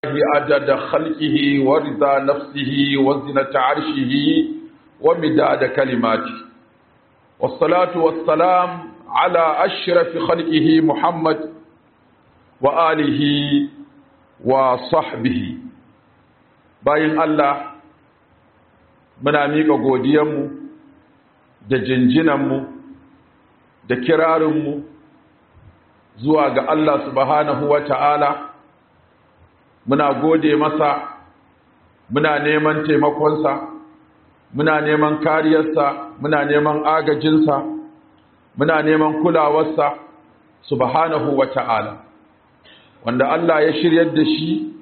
الله عدد خلقه ورضا da وزنة عرشه ومداد كلماته والصلاة والسلام على أشرف خلقه محمد وآله وصحبه bayan Allah muna miƙa godiyanmu da jinjinanmu da kirarinmu zuwa ga Allah subhanahu wa ta'ala muna gode masa muna neman taimakonsa muna neman kariyarsa muna neman agajinsa muna neman kulawarsa subhanahu wa ta'ala wanda Allah ya shiryar da shi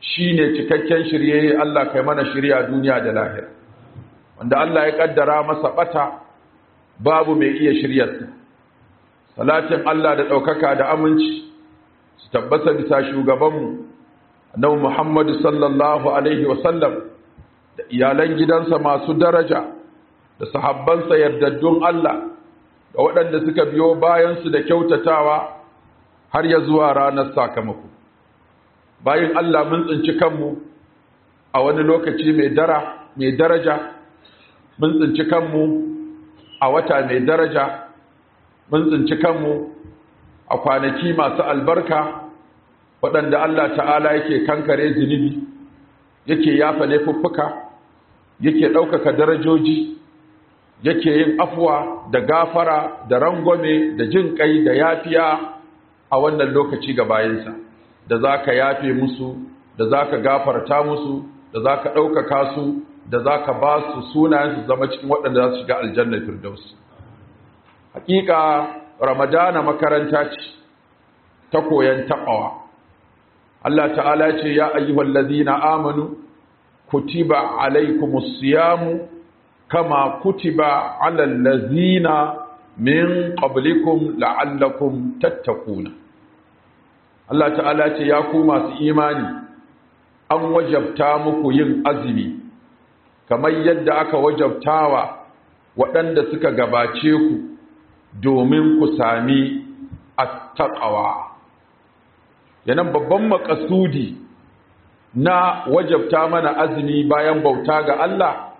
shi ne cikakken shirye Allah kai mana shirya duniya da lahira wanda Allah ya kaddara masa bata babu mai iya shiryarsa salatin Allah da ɗaukaka da aminci su tabbasa bisa shugabanmu na Muhammadu sallallahu alaihi wasallam da iyalan gidansa masu daraja da sahabbansa yardaddun Allah da waɗanda suka biyo bayansu da kyautatawa har ya zuwa ranar sakamako bayan Allah mun tsinci kanmu a wani lokaci mai dara mai daraja mun tsinci kanmu a wata mai daraja mun tsinci kanmu a kwanaki masu albarka waɗanda Allah ta'ala yake kankare zunubi yake yafa laifuffuka yake ɗaukaka darajoji yake yin afuwa da gafara da rangwame da jin ƙai da yafiya a wannan lokaci ga bayansa da za ka yafe musu da za ka gafarta musu da za ka ɗaukaka su da za ka ba su sunayen su zama cikin waɗanda za su shiga aljannar firdaus hakika ramadana makaranta ce ta koyon taɓawa Allah ta'ala ce ya ayyuhal ladhina amanu kutiba alaykumus siyam kama kutiba alal ladhina min qablikum la'allakum tattaquna Allah ta'ala ce ya ku masu imani an wajabta muku yin azumi kamar yadda aka wajabtawa waɗanda suka gabace ku domin ku sami attaqawa yanan babban makasudi na wajabta mana azumi bayan bauta ga Allah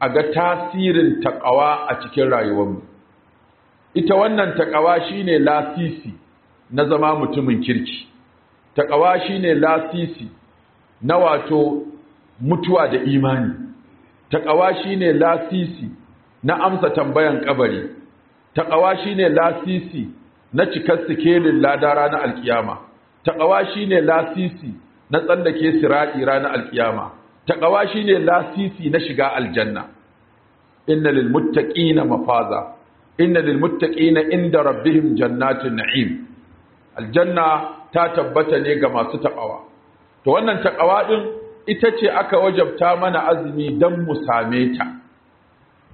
a ga tasirin takawa a cikin rayuwarmu ita wannan takawa shine lasisi na zama mutumin kirki takawa shine lasisi na wato mutuwa da imani takawa shine lasisi na amsa tambayan kabari takawa shine lasisi na cikar sikelin ladara na alkiyama Taƙawa shine lasisi na tsallake sirati ranar alkiyama Taƙawa shine lasisi na shiga aljanna inna lil na mafaza inna lil muttaqina inda rabbihim jannatun na'im aljanna ta tabbata ne ga masu taƙawa. to wannan taƙawa din ita ce aka wajabta mana azumi dan mu same ta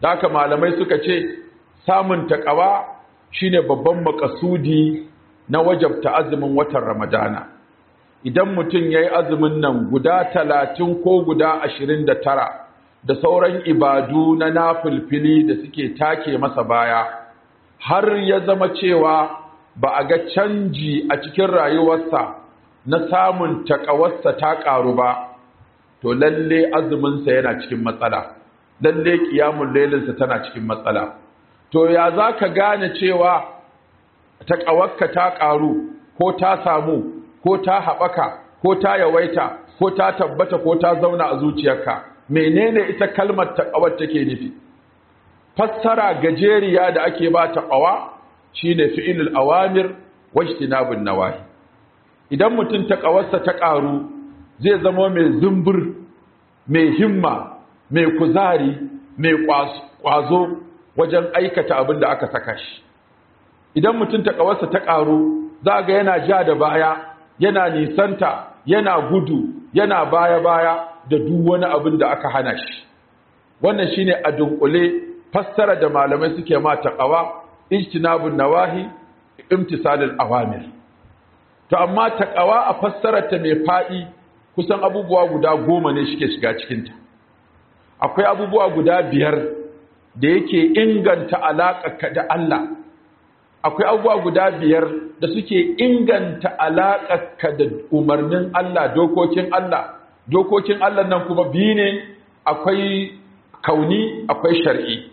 da haka malamai suka ce samun taƙawa shine babban makasudi na wajabta azumin watan ramadana idan mutum ya yi azumin nan guda talatin ko guda ashirin da tara da sauran ibadu na nafilfili da suke take masa baya har ya zama cewa ba a ga canji a cikin rayuwarsa na samun takawarsa ta ƙaru ba to lalle azuminsa yana cikin matsala lalle ƙiyamun lailinsa tana cikin matsala to ya za ka gane cewa Ta ƙawarka ta ƙaru ko ta samu ko ta haɓaka ko ta yawaita ko ta tabbata ko ta zauna a zuciyarka menene ita kalmar taƙawar take nufi fassara gajeriya da ake ba taƙawa shine fi'ilul awamir na nawahi idan mutum ta ƙawarsa ta ƙaru zai zama mai zumbur mai himma mai kuzari mai ƙwazo wajen aikata abin da aka saka shi idan mutum ƙawarsa ta ƙaru za ga yana ja da baya yana nisanta yana gudu yana baya-baya da duk wani abin da aka hana shi wannan shine a dunkule fassara da malamai suke ma ta taqawa ijtinabun nawahi imtisalul awamir to amma ta ƙawa a fassarar ta mai fadi kusan abubuwa guda goma ne suke shiga cikin ta akwai abubuwa guda biyar da yake inganta ka da Allah akwai abubuwa guda biyar da suke inganta ka da umarnin Allah dokokin Allah dokokin Allah nan kuma biyu ne akwai kauni akwai shar'i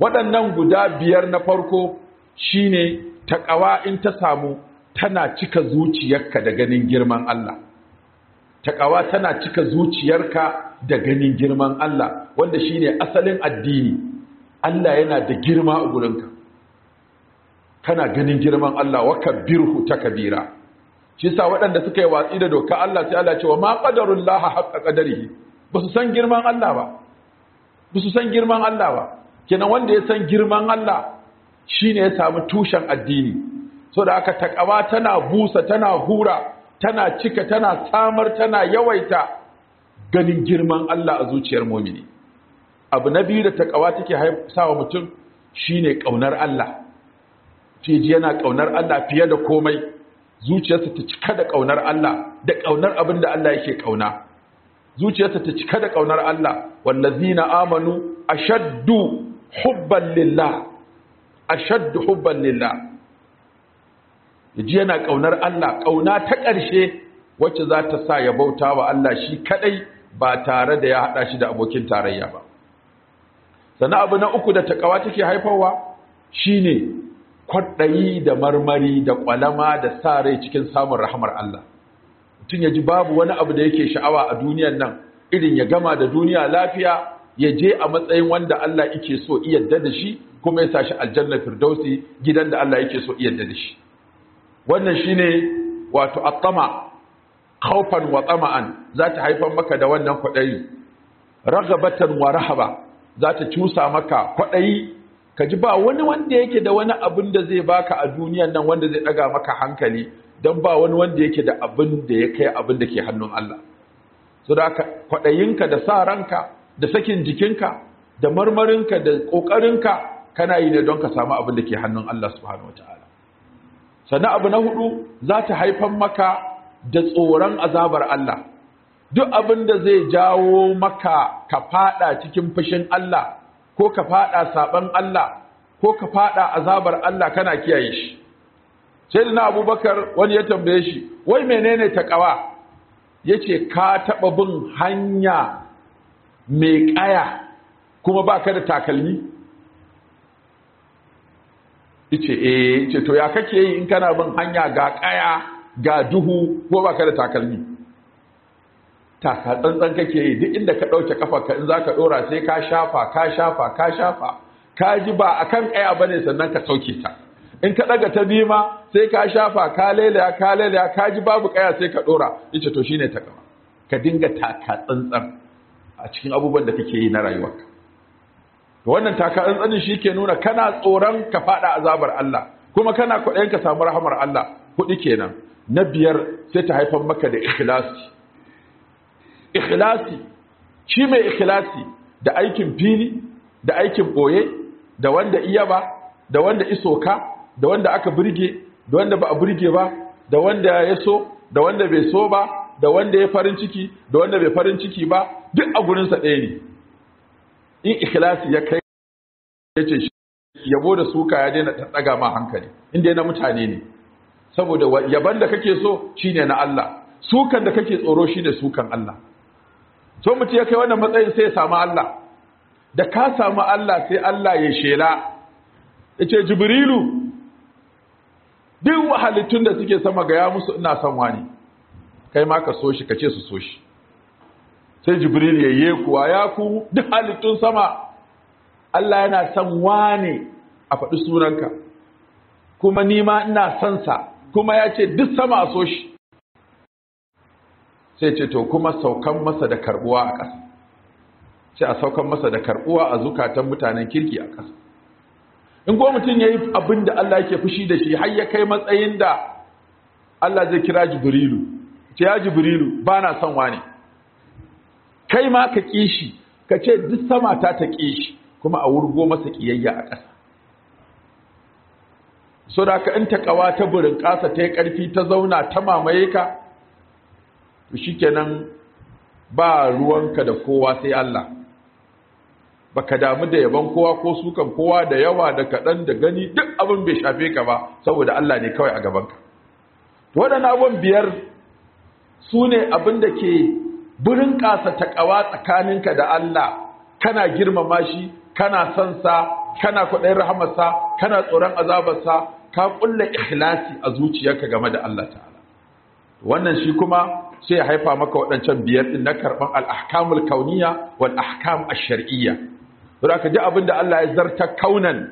waɗannan guda biyar na farko shine taƙawa in ta samu tana cika zuciyarka da ganin girman Allah taƙawa tana cika zuciyarka da ganin girman Allah wanda shine asalin addini Allah yana da girma a gurinka kana ganin girman Allah wa ta Kabira. shi sa waɗanda suka yi watsi da doka Allah sai Allah ce wa ma qadarullaha haqqa qadarihi ba su san girman Allah ba ba su san girman Allah ba kenan wanda ya san girman Allah shine ya samu tushen addini saboda aka takawa tana busa tana hura tana cika tana samar tana yawaita ganin girman Allah a zuciyar mumini abu na biyu da takawa take haifawa mutum shine kaunar Allah ce ji yana ƙaunar Allah fiye da komai zuciyarsa ta cika da ƙaunar Allah da ƙaunar abin da Allah yake ƙauna zuciyarsa ta cika da ƙaunar Allah wallazina amanu ashaddu hubban lillah ashaddu hubban lillah yaji yana ƙaunar Allah ƙauna ta ƙarshe wacce za ta sa ya bauta wa Allah shi kadai ba tare da ya hada shi da abokin tarayya ba sannan abu na uku da takawa take haifarwa shine kwaɗayi da marmari da ƙwalama da sa rai cikin samun rahamar Allah mutum ya ji babu wani abu da yake sha'awa a duniyan nan irin ya gama da duniya lafiya ya je a matsayin wanda Allah yake so iya da shi kuma ya sashi aljanna firdausi gidan da Allah yake so iya da shi wannan shi ne wato tsama, kaufan wa tsama'an za ta haifar maka da wannan kwaɗayi ragabatan wa rahaba za ta cusa maka kwaɗayi ka ji ba wani wanda yake da wani abin da zai baka a duniyan nan wanda zai daga maka hankali don ba wani wanda yake da abin da ya kai abin da ke hannun Allah so da kwaɗayinka da sa ranka da sakin jikinka da marmarinka da ƙoƙarinka kana yi ne don ka samu abin da ke hannun Allah subhanahu ta'ala. sannan abu na hudu za ta haifan maka da tsoron azabar Allah duk abin da zai jawo maka ka fada cikin fushin Allah ko ka fada saban Allah ko ka fada azabar Allah kana kiyaye shi sai da na abubakar wani ya tambaye shi wai menene taqawa yace ka taba bin hanya mai kaya kuma baka da takalmi yace eh yace to ya kake yi in kana bin hanya ga kaya ga duhu ko baka da takalmi taka tsantsan kake yi duk inda ka ɗauke kafarka in zaka ka ɗora sai ka shafa ka shafa ka shafa ka ji ba a kan ƙaya ba ne sannan ka sauke ta in ka ɗaga ta bima sai ka shafa ka lelaya ka lelaya ka ji babu ƙaya sai ka ɗora ita to shine ta gaba ka dinga taka tsantsan a cikin abubuwan da kake yi na rayuwarka wannan taka tsantsanin shi ke nuna kana tsoron ka faɗa azabar Allah kuma kana kwaɗayin ka samu rahamar Allah kuɗi kenan na biyar sai ta haifar maka da ikhlasi ikhlasi shi mai ikhlasi da aikin fili da aikin boye da wanda iya ba da wanda isoka da wanda aka burge da wanda ba a burge ba da wanda ya so da wanda bai so ba da wanda ya farin ciki da wanda bai farin ciki ba duk a gurinsa ɗaya ne in ikhlasi ya kai ya ce yabo da suka ya daina ɗaga ma hankali inda na mutane ne saboda yaban da kake so shine na Allah sukan da kake tsoro shine sukan Allah so mutum ya kai wannan matsayin sai ya samu Allah da ka samu Allah sai Allah ya shela yace jibrilu duk halittun da suke sama ga ya musu ina son wani kai ma ka so shi ka ce su so shi sai jibril ya yi kuwa ya ku duk halittun sama Allah yana son wani a faɗi sunanka kuma nima ina sansa kuma yace ce duk sama a so shi sai ce to kuma saukan masa da karbuwa a ƙasa sai a saukan masa da karbuwa a zukatan mutanen kirki a ƙasa in ko mutum ya yi abin da Allah yake fushi da shi har ya kai matsayin da Allah zai kira jibrilu ce ya jibrilu ba na son wane kai ma ka ƙi shi ka ce duk sama ta ta ƙi shi kuma a wurgo masa ƙiyayya a ƙasa so da ka in ta ƙawa ta burin ƙasa ta yi ƙarfi ta zauna ta mamaye ka shikenan ba ruwanka da kowa sai Allah baka damu da yaban kowa ko sukan kowa da yawa da kaɗan da gani duk abin bai shafe ka ba saboda Allah ne kawai a gabanka waɗannan abin biyar sune abin da ke birin ƙasa taƙawa tsakaninka da Allah kana girmama shi kana son sa kana kwaɗayin rahamarsa kana tsoron azabarsa ka ƙulla ikhlasi a zuciyarka game da Allah ta'ala wannan shi kuma sai ya haifa maka waɗancan biyar ɗin na karɓar al'ahkamul kauniya wal ahkam ash-shar'iyya don ka ji abin da Allah ya zartar kaunan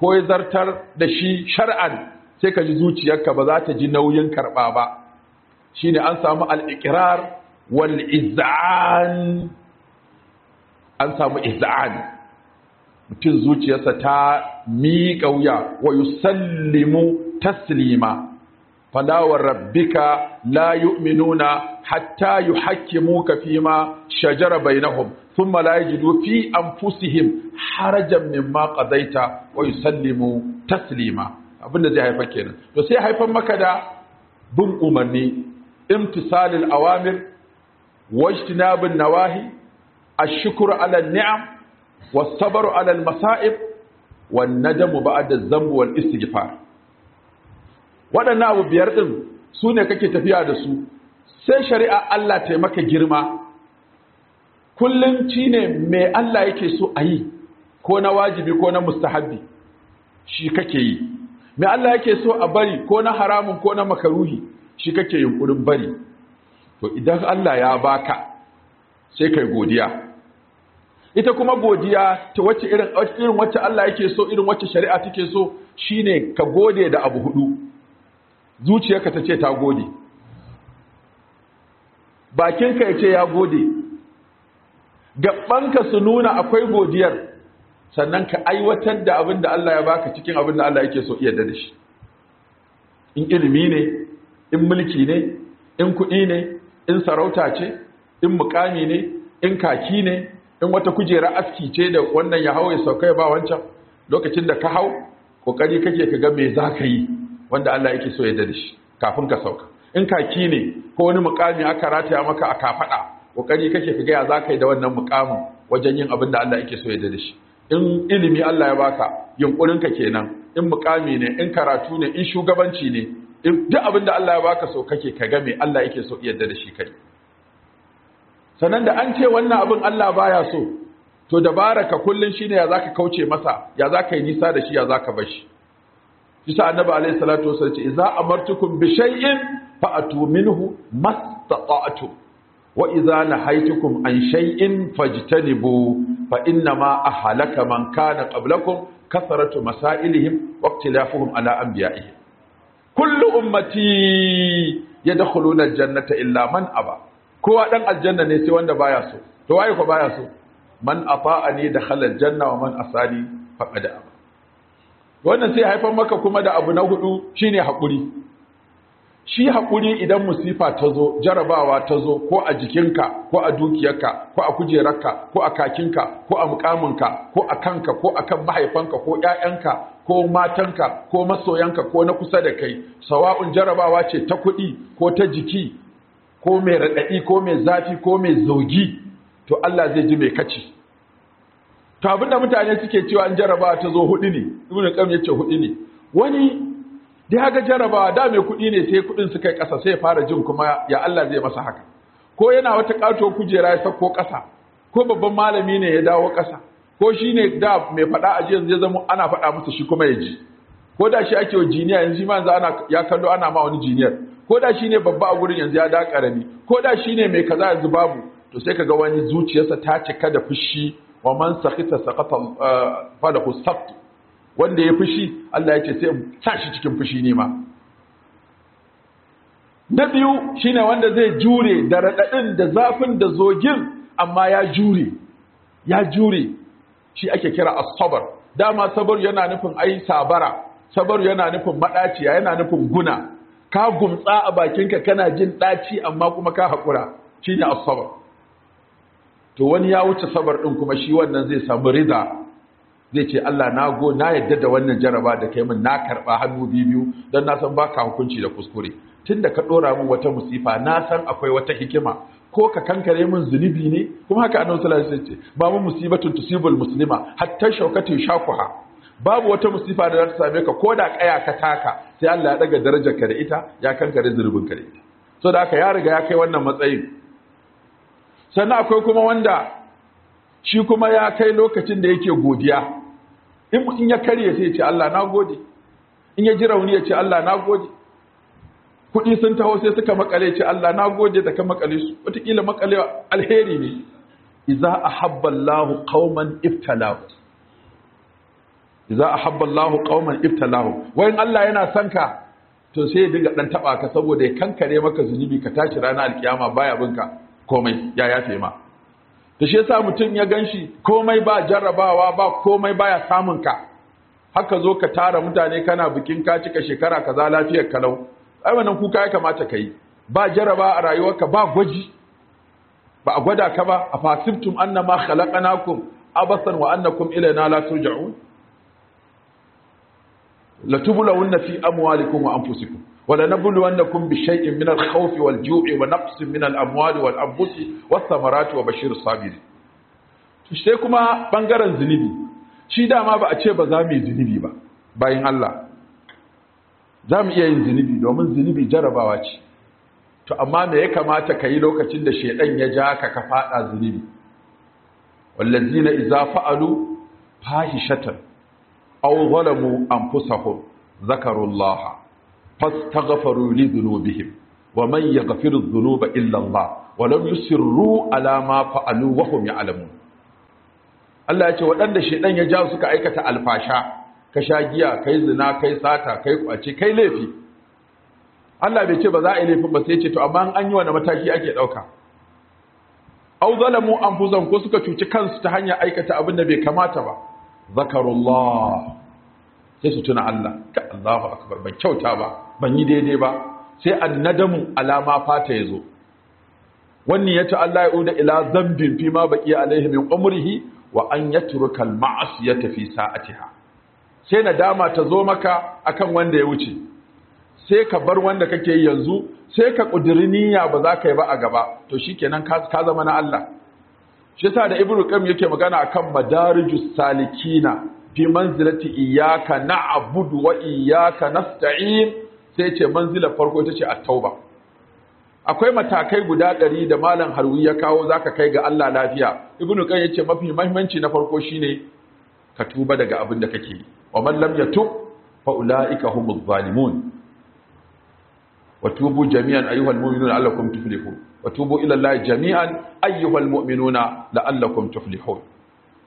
ko ya zartar da shi shar'an sai ka ji zuciyarka ba za ta ji nauyin karɓa ba shine an samu al wal an samu iz'an mutum zuciyarsa ta miƙa wuya wa yusallimu taslima fala wa rabbika la yu'minuna hatta yuhakkimuka fima shajara bainahum thumma la yajidu fi anfusihim harajan mimma qadaita wa yusallimu taslima abinda zai haifa kenan to sai haifan maka da bin umarni imtisalil awamir wajtinabin nawahi ashukur ala ni'am was sabru ala al masa'ib wan nadamu ba'da adh-dhanbi wal istighfar waɗannan abu biyar ɗin su ne kake tafiya da su sai shari'a Allah ta maka girma kullum ci ne mai Allah yake so a yi ko na wajibi ko na mustahabbi shi kake yi mai Allah yake so a bari ko na haramun ko na makaruhi shi kake yunkurin bari to idan Allah ya baka sai kai godiya ita kuma godiya ta wacce irin irin wacce Allah yake so irin wacce shari'a take so shine ka gode da abu hudu zuciyarka ta ce ta gode bakinka ya ce ya gode gabanka su nuna akwai godiyar sannan ka aiwatar da abin da Allah ya baka cikin abin da Allah yake so iya da shi in ilimi ne in mulki ne in kuɗi ne in sarauta ce in mukami ne in kaki ne in wata kujera aski ce da wannan ya hau ya sauka ya ba wancan lokacin da ka hau kokari kake ka ga me za ka yi wanda Allah yake so ya dade shi kafin ka sauka in kaki ne ko wani mukami aka rataya maka a kafada kokari kake ka ga ya zaka da wannan mukamin wajen yin abin da Allah yake so ya dade shi in ilimi Allah ya baka yunkurin ka kenan in mukami ne in karatu ne in shugabanci ne duk abin da Allah ya baka so kake ka ga me Allah yake so ya dade shi kai Sanan da an ce wannan abin Allah baya so to dabara ka kullun shine ya zaka kauce masa ya zaka yi nisa da shi ya zaka bar shi Kisa annabi alaihi salatu wasallam ce za a bi shay'in fa'atu minhu mastata'tum wa na nahaytukum an shay'in fajtanibu fa inna ma ahlaka man kana qablakum kathratu masailihim wa ikhtilafuhum ala anbiya'ihim kullu ummati yadkhuluna al-jannata illa man aba kowa dan aljanna ne sai wanda baya so to waye baya so man ne da halar janna wa man faɗa da aba wannan sai haifar maka kuma da abu na hudu shine hakuri. shi hakuri idan musifa ta zo jarabawa ta zo ko a jikinka ko a dukiyarka ko a kujerarka ko a kakinka ko a mukaminka ko a kanka ko a kan mahaifanka ko 'ya'yanka ko matanka ko masoyanka ko na kusa da kai sawa'un jarabawa ce ta kuɗi ko ta jiki ko mai raɗaɗi ko mai zafi ko mai zogi to Allah zai ji mai kaci to abinda mutane suke cewa an jaraba ta zo hudu ne ibnu qayyim ce hudu ne wani da ya ga da mai kuɗi ne sai kuɗin su kai kasa sai ya fara jin kuma ya Allah zai masa haka ko yana wata kato kujera ya sako ƙasa ko babban malami ne ya dawo kasa ko shi ne da mai faɗa a yanzu ya zama ana fada masa shi kuma ya ji ko da shi ake wa jiniya yanzu shi ma yanzu ana ya kallo ana ma wani jiniyar ko da shi ne babba a gurin yanzu ya da karami ko da shi ne mai kaza yanzu babu to sai ka ga wani zuciyarsa ta cika da fushi wa man sakita sakata ah, falahu sabt wanda ya fushi Allah ya ce sai sa shi cikin fushi ne ma na biyu shine wanda zai jure da radadin da zafin da zogin amma ya jure ya jure shi ake kira as-sabr dama sabar yana nufin ai sabara sabar yana nufin madaci yana nufin guna ka gumtsa a bakinka kana jin daci amma kuma ka hakura shine as-sabr to wani ya wuce sabar ɗin kuma shi wannan zai samu riza zai ce Allah na go na yadda da wannan jaraba da kai min na karba hannu biyu don na san baka hukunci da kuskure tunda ka dora min wata musifa na san akwai wata hikima ko ka kankare min zunubi ne kuma haka annabi sallallahu alaihi wasallam ce ba mu musibatun tusibul muslima hatta shaukatu shakuha babu wata musifa da za ta same ka ko da kaya ka taka sai Allah ya daga darajar ka da ita ya kankare zunubin ka da ita so da haka ya riga ya kai wannan matsayin sannan akwai kuma wanda shi kuma ya kai lokacin da yake godiya in ya karye sai ce Allah na gode in ya ji rauni ya ce Allah na gode kuɗi sun taho sai suka makale ce Allah na gode da ka makale su wataƙila makale alheri ne iza ahabba Allah qauman iftalahu. iza ahabba Allah qauman Wai in Allah yana son ka to sai ya dinga dan taba ka saboda ya kankare maka zunubi ka tashi ranar alkiyama baya binka komai ya yafe ma da shi yasa mutum ya ganshi komai ba jarrabawa ba komai baya samun ka haka zo ka tara mutane kana bikin ka cika shekara kaza lafiyar kalau ai wannan kuka ya kamata kai ba jarraba a rayuwarka ba gwaji ba a gwada ka ba a fasibtum annama khalaqnakum abasan wa annakum ilayna la turja'un latubulawunna fi amwalikum wa anfusikum ولنبلونكم بشيء من الخوف والجوع ونقص من الأموال والأنفس والثمرات وبشر الصابرين sai kuma bangaren zunubi shi dama ba a ce ba za mu yi zunubi ba bayan Allah za mu iya yin zunubi domin zunubi jarabawa ce to amma me ya kamata ka yi lokacin da shaidan ya ja ka ka fada zunubi wallazina idza fa'alu fahishatan aw zalamu anfusahum zakarullaha fastaghfaru li dhunubihim wa man yaghfiru dhunuba illa Allah wa lam yusirru ala ma fa'alu wa hum ya'lamun Allah ya ce waɗanda shedan ya ja suka aikata alfasha ka sha giya kai zina kai sata kai kwace kai laifi Allah bai ce ba za a yi laifin ba sai ya ce to amma an yi wani mataki ake dauka aw zalamu anfusahum ko suka cuci kansu ta hanyar aikata abin da bai kamata ba zakarullah sai su tuna Allah ka Allahu akbar ban kyauta ba ban yi daidai ba sai annadamu alama fata ya yazo wannan yace Allah ya yauda ila zambin fi ma baki alaihi min umrihi wa an yatrukal ma'asiyata fi sa'atiha sai nadama ta zo maka akan wanda ya wuce sai ka bar wanda kake yanzu sai ka kudiri niyya ba za ka yi ba a gaba to shikenan ka zama na Allah shi yasa da ibnu qayyim yake magana akan madarijus salikina fi manzilati iyyaka na'budu wa iyyaka nasta'in sai ce manzila farko ita ce at-tauba akwai matakai guda ɗari da malam harwi ya kawo zaka kai ga Allah lafiya ibnu qayyim yace mafi muhimmanci na farko shine ka tuba daga abin da kake yi wa man lam yatub fa ulaika humuz zalimun wa tubu jami'an ayyuhal mu'minuna la'allakum tuflihun wa tubu ila allahi jami'an ayyuhal mu'minuna la'allakum tuflihun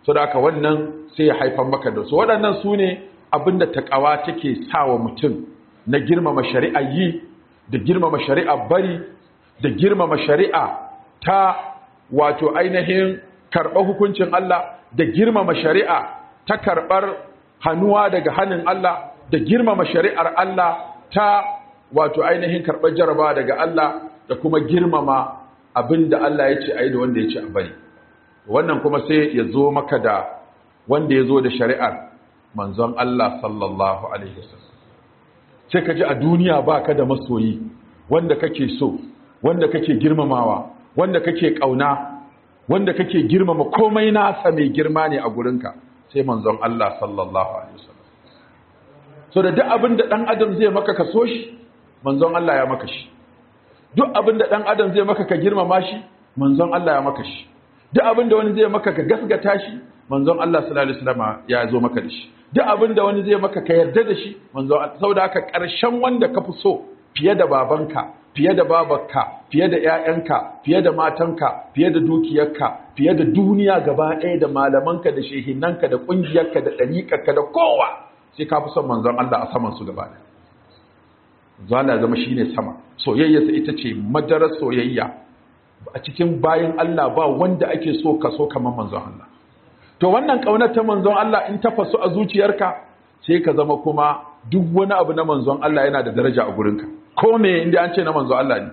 so da haka wannan sai ya haifar maka da su waɗannan su ne abin da takawa take wa mutum na girmama shari'a yi da girmama shari'a bari da girmama shari'a ta wato ainihin karɓar hukuncin Allah da girmama shari'a ta karɓar hannuwa daga hannun Allah da girmama shari'ar Allah ta wato ainihin karɓar jaraba daga Allah da kuma girmama abin da Allah ya ce a yi da wanda ya ce a bari wannan kuma sai ya zo maka da wanda ya zo da shari'ar manzon Allah sallallahu alaihi wasallam sai ka ji a duniya ba ka da masoyi wanda kake so wanda kake girmamawa wanda kake ƙauna wanda kake girmama komai nasa mai girma ne a gurinka sai manzon Allah sallallahu alaihi wasallam so da duk abin da dan adam zai maka ka so shi manzon Allah ya maka shi duk abin da dan adam zai maka ka girmama shi manzon Allah ya maka shi duk abin da wani zai maka ka gasgata shi manzon Allah sallallahu alaihi wasallam ya zo maka da shi duk abin da wani zai maka ka yarda da shi manzon saboda haka karshen wanda ka fi so fiye da babanka fiye da babarka fiye da ƴaƴanka fiye da matanka fiye da dukiyarka fiye da duniya gaba ɗaya da malamanka da shehinanka da ƙungiyarka da ɗariƙarka da kowa sai ka fi son manzon Allah a saman su gaba ɗaya zala zama shine sama soyayyarsa ita ce madarar soyayya a cikin bayan Allah ba wanda ake so ka so kamar manzon Allah to wannan ƙaunar ta manzon Allah in ta fasu a zuciyarka sai ka zama kuma duk wani abu na manzon Allah yana da daraja a gurinka ko me inda an ce na manzon Allah ne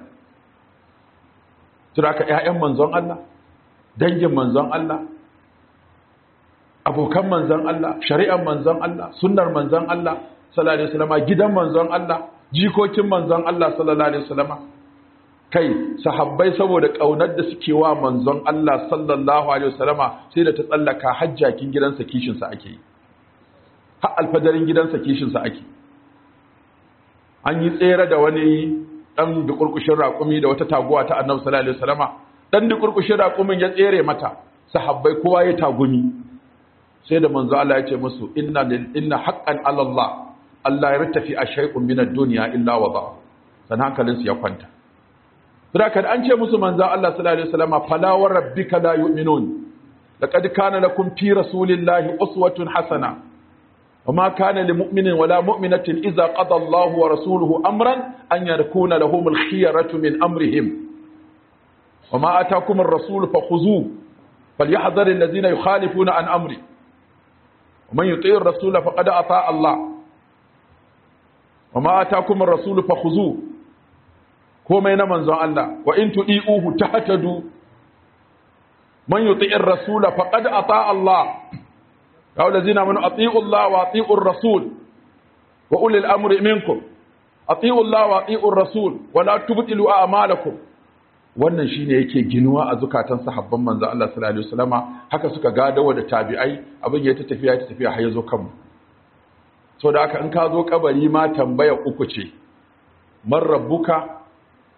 turaka ƴaƴan manzon Allah dangin manzon Allah abokan manzon Allah shari'an manzon Allah sunnar manzon Allah sallallahu alaihi wasallam gidan manzon Allah jikokin manzon Allah sallallahu alaihi wasallam kai sahabbai saboda ƙaunar da suke wa manzon Allah sallallahu alaihi wasallama sai da ta tsallaka hajjakin gidansa kishinsa ake yi alfajarin gidansa kishinsa ake an yi tsere da wani ɗan dukurkushin raƙumi da wata taguwa ta annabi sallallahu alaihi wasallama ɗan dukurkushin raƙumin ya tsere mata sahabbai kowa ya tagumi sai da manzo Allah ya ce musu inna inna haqqan ala Allah Allah ya ratafi a shay'un min ad-dunya illa wada san hankalinsu ya kwanta Saka an ce musu manzan Allah sallallahu Alaihi wasallama falawar rabbi ka la yu'minun laqad kana lakum fi rasulillahi uswatun hasana wama kana lil mu'minin wala mu'minatin idza qada wa rasuluhu amran an yakuna lahum al khiyaratu min amrihim wama atakum ar rasul fakhuzu falyahdhar alladhina yukhalifuna an amri man yuti' ar rasul faqad ata Allah wama atakum ar rasul fakhuzu komai na manzon Allah wa in tu'iuhu tahtadu man yuti'ir rasula faqad ata Allah ya allazina amanu ati'u Allah wa ati'u rasul wa ulil amri minkum ati'u Allah wa ati'u rasul wa la tubtilu a'malakum wannan shine yake ginuwa a zukatan sahabban manzo Allah sallallahu alaihi wasallama haka suka gadawa da tabi'ai abin ya ta tafiya ta tafiya har yazo kanmu so da haka in ka zo kabari ma tambaya uku ce man rabbuka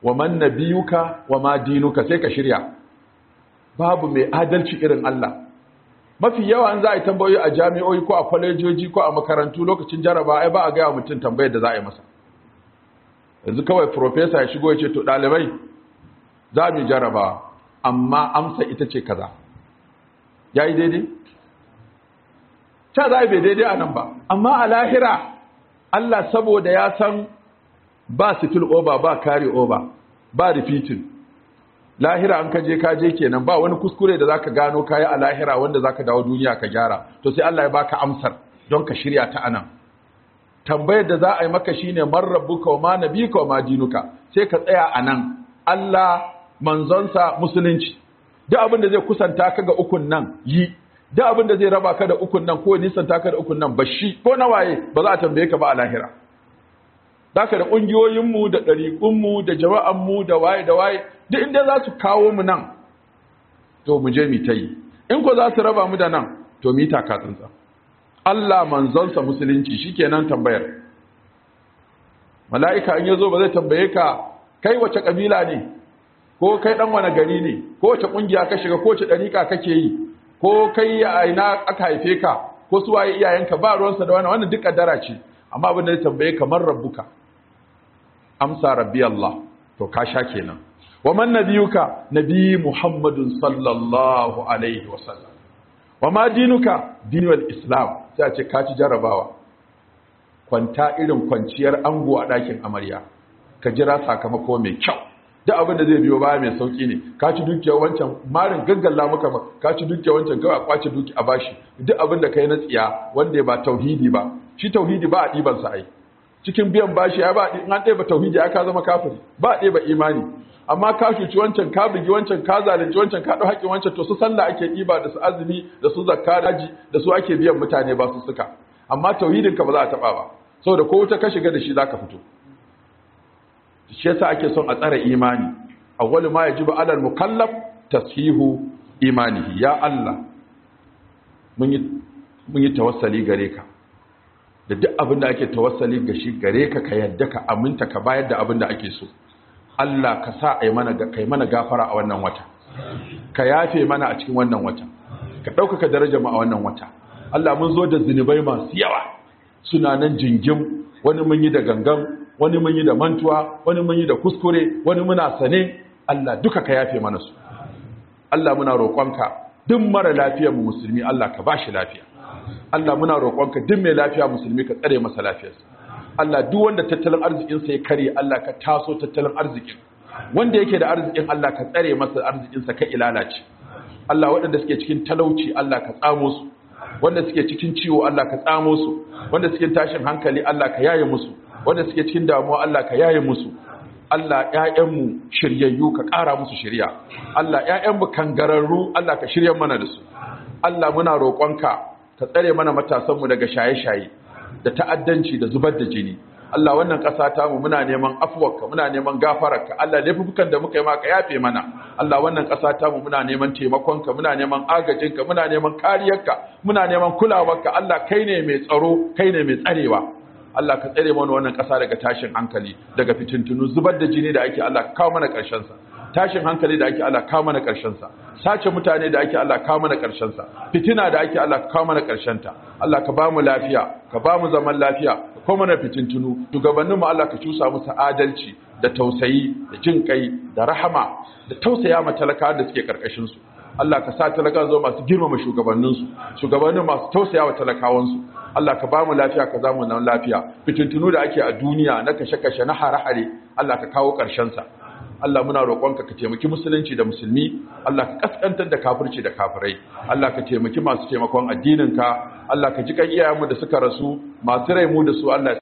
wa man nabiyuka wa ma dinuka sai ka shirya babu mai adalci irin Allah mafi yawa an za a yi tambayoyi a jami'o'i ko a kwalejoji ko a makarantu lokacin jaraba ai ba a gaya mutum tambayar da za a yi masa yanzu kawai profesa ya shigo ya ce to ɗalibai za mu jaraba amma amsa ita ce kaza ya yi daidai ta za a yi daidai a nan ba amma a lahira Allah saboda ya san ba sitil oba ba kari oba ba repeating lahira an kaje je kenan ba wani kuskure da zaka gano kai a lahira wanda zaka dawo duniya ka gyara to sai Allah ya baka amsar don ka shirya ta anan tambayar da za a yi maka shine man rabbuka wa ma nabika wa ma dinuka sai ka tsaya anan Allah manzonsa musulunci duk abin da zai kusanta ka ga ukun nan yi duk abin da zai raba ka da ukun nan ko nisan ta ka da ukun nan shi. ko nawaye ba za a tambaye ka ba a lahira zaka da ƙungiyoyinmu da ɗariƙunmu da jama'anmu da waye da waye duk inda za su kawo mu nan to mu je mu ta yi in ko za su raba mu da nan to mu yi taka tsantsa Allah manzonsa musulunci shikenan tambayar mala'ika in yazo ba zai tambaye ka kai wace kabila ne ko kai dan wani gari ne ko wace kungiya ka shiga ko wace dariƙa kake yi ko kai a ina aka haife ka ko su waye iyayenka ba ruwansa da wani wannan duk kaddara ce amma abin da zai tambaye kamar rabbuka amsa rabbi Allah to ka sha kenan wa man nabiyuka nabi muhammadun sallallahu alaihi wa sallam. wa ma dinuka dinul islam sai a ce ka ci jarabawa kwanta irin kwanciyar ango a ɗakin amarya ka jira sakamako mai kyau duk abin da zai biyo baya mai sauki ne ka ci dukiya wancan marin gaggalla maka ba ka ci dukiya wancan kawai kwace duki a bashi duk abin da kai na tsiya wanda ba tauhidi ba shi tauhidi ba a ɗiban sa ai cikin biyan bashi ya ba in an ɗeba tauhidi ya ka zama kafiri ba ɗeba imani amma ka shuci wancan ka bugi wancan ka zalunci wancan ka ɗau haƙƙin wancan to su sallah ake ɗiba da su azumi da su zakka haji da su ake biyan mutane ba su suka amma tauhidin ka ba za a taɓa ba saboda ko wuta ka shiga da shi za ka fito shi yasa ake son a tsare imani awwalu ma yajibu alal mukallaf tashihu imanihi ya Allah mun yi mun yi tawassali gare ka da duk abin da ake tawassali ga shi gare ka ka yadda ka aminta ka bayar da abin da ake so Allah ka sa ai mana kai mana gafara a wannan wata ka yafe mana a cikin wannan wata ka ɗaukaka daraja mu a wannan wata Allah mun zo da zinubai masu yawa suna nan jingim wani mun yi da gangan wani mun yi da mantuwa wani mun yi da kuskure wani muna sane Allah duka ka yafe mana su Allah muna roƙonka duk mara lafiyar musulmi Allah ka bashi lafiya Allah muna roƙonka duk mai lafiya musulmi ka tsare masa lafiyarsa Allah duk wanda tattalin arzikinsa ya kare Allah ka taso tattalin arzikin wanda yake da arzikin Allah ka tsare masa arzikinsa ka ilalace Allah waɗanda suke cikin talauci Allah ka tsamo su wanda suke cikin ciwo Allah ka tsamo su wanda suke tashin hankali Allah ka yaye musu wanda suke cikin damuwa Allah ka yaye musu Allah ƴaƴanmu shiryayyu ka ƙara musu shirya Allah ƴaƴanmu kangararru Allah ka shirya mana da su Allah muna roƙonka ta tsare mana matasanmu daga shaye-shaye da ta'addanci da zubar da jini Allah wannan ƙasa ta mu muna neman afuwarka muna neman gafararka Allah laifukan da muka yi maka yafe mana Allah wannan ƙasa ta mu muna neman taimakonka muna neman agajinka muna neman kariyarka muna neman kulawarka Allah kai ne mai tsaro kai ne mai tsarewa Allah ka tsare mana wannan ƙasa daga tashin hankali daga fitintunu zubar da jini da ake Allah ka kawo mana ƙarshen sa tashin hankali da ake Allah ka mana ƙarshen sa sace mutane da ake Allah ka mana ƙarshen sa fitina da ake Allah ka mana ƙarshen ta Allah ka ba mu lafiya ka ba mu zaman lafiya ka koma na fitintunu shugabannin mu Allah ka cusa musu adalci da tausayi da jin kai da rahama da tausaya ma talaka da suke karkashin su Allah ka sa talaka zo masu girmama shugabannin su shugabannin masu tausaya wa talakawan su Allah ka ba mu lafiya ka zamu nan lafiya fitintunu da ake a duniya na kashe-kashe na hare-hare Allah ka kawo ƙarshen sa Allah muna roƙonka ka taimaki musulunci da musulmi Allah ka kaskantar da kafirci da kafirai Allah ka taimaki masu taimakon addininka Allah ka ji kan iyayenmu da suka rasu masu rai mu da su Allah